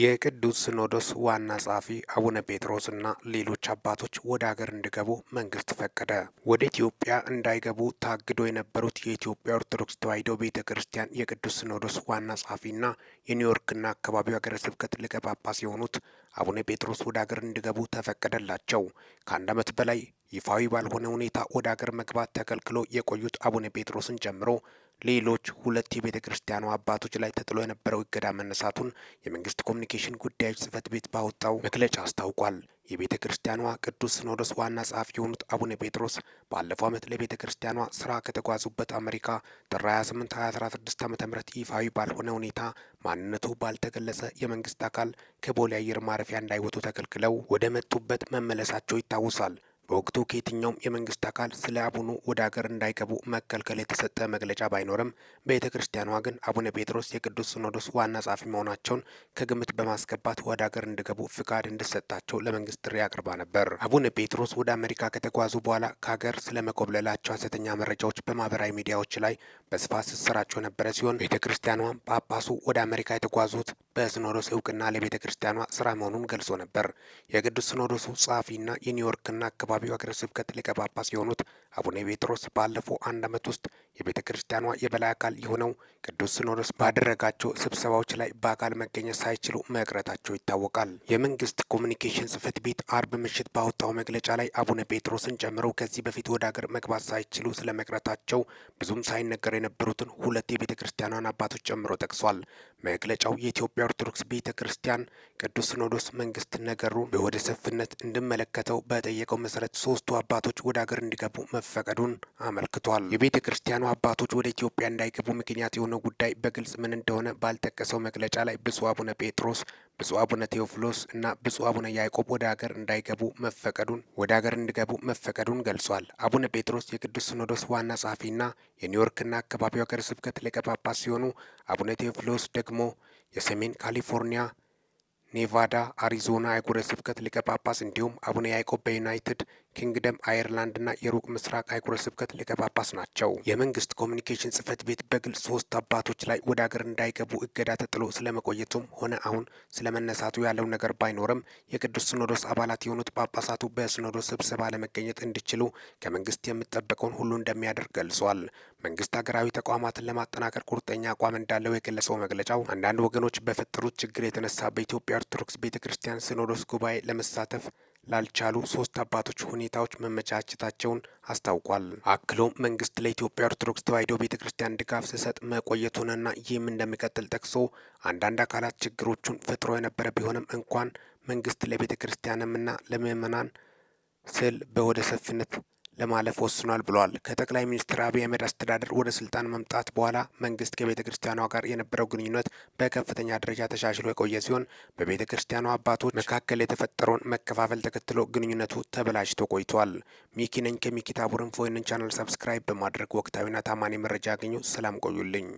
የቅዱስ ሲኖዶስ ዋና ጸሐፊ አቡነ ጴጥሮስና ሌሎች አባቶች ወደ አገር እንዲገቡ መንግስት ፈቀደ። ወደ ኢትዮጵያ እንዳይገቡ ታግዶ የነበሩት የኢትዮጵያ ኦርቶዶክስ ተዋሕዶ ቤተ ክርስቲያን የቅዱስ ሲኖዶስ ዋና ጸሐፊና የኒውዮርክና አካባቢው ሀገረ ስብከት ሊቀ ጳጳስ የሆኑት አቡነ ጴጥሮስ ወደ አገር እንዲገቡ ተፈቀደላቸው። ከአንድ ዓመት በላይ ይፋዊ ባልሆነ ሁኔታ ወደ አገር መግባት ተከልክሎ የቆዩት አቡነ ጴጥሮስን ጨምሮ ሌሎች ሁለት የቤተ ክርስቲያኑ አባቶች ላይ ተጥሎ የነበረው እገዳ መነሳቱን የመንግስት ኮሚኒኬሽን ጉዳዮች ጽህፈት ቤት ባወጣው መግለጫ አስታውቋል። የቤተ ክርስቲያኗ ቅዱስ ሲኖዶስ ዋና ጸሐፊ የሆኑት አቡነ ጴጥሮስ ባለፈው ዓመት ለቤተ ክርስቲያኗ ስራ ከተጓዙበት አሜሪካ ጥር 28 2016 ዓ ም ይፋዊ ባልሆነ ሁኔታ ማንነቱ ባልተገለጸ የመንግስት አካል ከቦሌ አየር ማረፊያ እንዳይወጡ ተከልክለው ወደ መጡበት መመለሳቸው ይታወሳል። በወቅቱ ከየትኛውም የመንግስት አካል ስለ አቡኑ ወደ አገር እንዳይገቡ መከልከል የተሰጠ መግለጫ ባይኖርም ቤተ ክርስቲያኗ ግን አቡነ ጴጥሮስ የቅዱስ ሲኖዶስ ዋና ጸሐፊ መሆናቸውን ከግምት በማስገባት ወደ አገር እንዲገቡ ፍቃድ እንዲሰጣቸው ለመንግስት ጥሪ አቅርባ ነበር። አቡነ ጴጥሮስ ወደ አሜሪካ ከተጓዙ በኋላ ከሀገር ስለ መኮብለላቸው ሐሰተኛ መረጃዎች በማህበራዊ ሚዲያዎች ላይ በስፋት ሲሰራጩ የነበረ ሲሆን ቤተ ክርስቲያኗም ጳጳሱ ወደ አሜሪካ የተጓዙት በሲኖዶስ እውቅና ለቤተ ክርስቲያኗ ስራ መሆኑን ገልጾ ነበር። የቅዱስ ሲኖዶሱ ጸሐፊና የኒውዮርክና አካባቢ የአካባቢው ሀገረ ስብከት ሊቀ ጳጳስ የሆኑት አቡነ ጴጥሮስ ባለፈው አንድ ዓመት ውስጥ የቤተ ክርስቲያኗ የበላይ አካል የሆነው ቅዱስ ሲኖዶስ ባደረጋቸው ስብሰባዎች ላይ በአካል መገኘት ሳይችሉ መቅረታቸው ይታወቃል። የመንግስት ኮሚኒኬሽን ጽህፈት ቤት አርብ ምሽት ባወጣው መግለጫ ላይ አቡነ ጴጥሮስን ጨምሮ ከዚህ በፊት ወደ አገር መግባት ሳይችሉ ስለ መቅረታቸው ብዙም ሳይነገር የነበሩትን ሁለት የቤተ ክርስቲያኗን አባቶች ጨምሮ ጠቅሷል። መግለጫው የኢትዮጵያ ኦርቶዶክስ ቤተ ክርስቲያን ቅዱስ ሲኖዶስ መንግስት ነገሩ በወደ ሰፊነት እንድመለከተው በጠየቀው መሰረት ሶስቱ አባቶች ወደ አገር እንዲገቡ መፈቀዱን አመልክቷል። የቤተ ክርስቲያኗ አባቶች ወደ ኢትዮጵያ እንዳይገቡ ምክንያት የሆነው ጉዳይ በግልጽ ምን እንደሆነ ባልጠቀሰው መግለጫ ላይ ብፁዕ አቡነ ጴጥሮስ ብፁዕ አቡነ ቴዎፍሎስ እና ብፁዕ አቡነ ያዕቆብ ወደ ሀገር እንዳይገቡ መፈቀዱን ወደ ሀገር እንዲገቡ መፈቀዱን ገልጿል። አቡነ ጴጥሮስ የቅዱስ ሲኖዶስ ዋና ጸሐፊና የኒውዮርክና አካባቢው ሀገረ ስብከት ሊቀ ጳጳስ ሲሆኑ አቡነ ቴዎፍሎስ ደግሞ የሰሜን ካሊፎርኒያ ኔቫዳ፣ አሪዞና አህጉረ ስብከት ሊቀ ጳጳስ እንዲሁም አቡነ ያዕቆብ በዩናይትድ ኪንግደም አየርላንድና የሩቅ ምስራቅ አህጉረ ስብከት ሊቀ ጳጳስ ናቸው። የመንግስት ኮሚኒኬሽን ጽህፈት ቤት በግልጽ ሶስት አባቶች ላይ ወደ አገር እንዳይገቡ እገዳ ተጥሎ ስለመቆየቱም ሆነ አሁን ስለመነሳቱ ያለው ነገር ባይኖርም የቅዱስ ሲኖዶስ አባላት የሆኑት ጳጳሳቱ በሲኖዶስ ስብሰባ ለመገኘት እንዲችሉ ከመንግስት የሚጠበቀውን ሁሉ እንደሚያደርግ ገልጿል። መንግስት ሀገራዊ ተቋማትን ለማጠናከር ቁርጠኛ አቋም እንዳለው የገለጸው መግለጫው አንዳንድ ወገኖች በፈጠሩት ችግር የተነሳ በኢትዮጵያ የኦርቶዶክስ ቤተ ክርስቲያን ሲኖዶስ ጉባኤ ለመሳተፍ ላልቻሉ ሶስት አባቶች ሁኔታዎች መመቻቸታቸውን አስታውቋል። አክሎም መንግስት ለኢትዮጵያ ኦርቶዶክስ ተዋሕዶ ቤተ ክርስቲያን ድጋፍ ሲሰጥ መቆየቱንና ይህም እንደሚቀጥል ጠቅሶ አንዳንድ አካላት ችግሮቹን ፈጥሮ የነበረ ቢሆንም እንኳን መንግስት ለቤተ ክርስቲያንምና ለምእመናን ስል በወደ ሰፊነት ለማለፍ ወስኗል ብለዋል። ከጠቅላይ ሚኒስትር አብይ አህመድ አስተዳደር ወደ ስልጣን መምጣት በኋላ መንግስት ከቤተ ክርስቲያኗ ጋር የነበረው ግንኙነት በከፍተኛ ደረጃ ተሻሽሎ የቆየ ሲሆን በቤተ ክርስቲያኗ አባቶች መካከል የተፈጠረውን መከፋፈል ተከትሎ ግንኙነቱ ተበላሽቶ ቆይቷል። ሚኪ ነኝ ከሚኪ ይህንን ቻናል ሰብስክራይብ በማድረግ ወቅታዊና ታማኒ መረጃ ያገኙ። ሰላም ቆዩልኝ።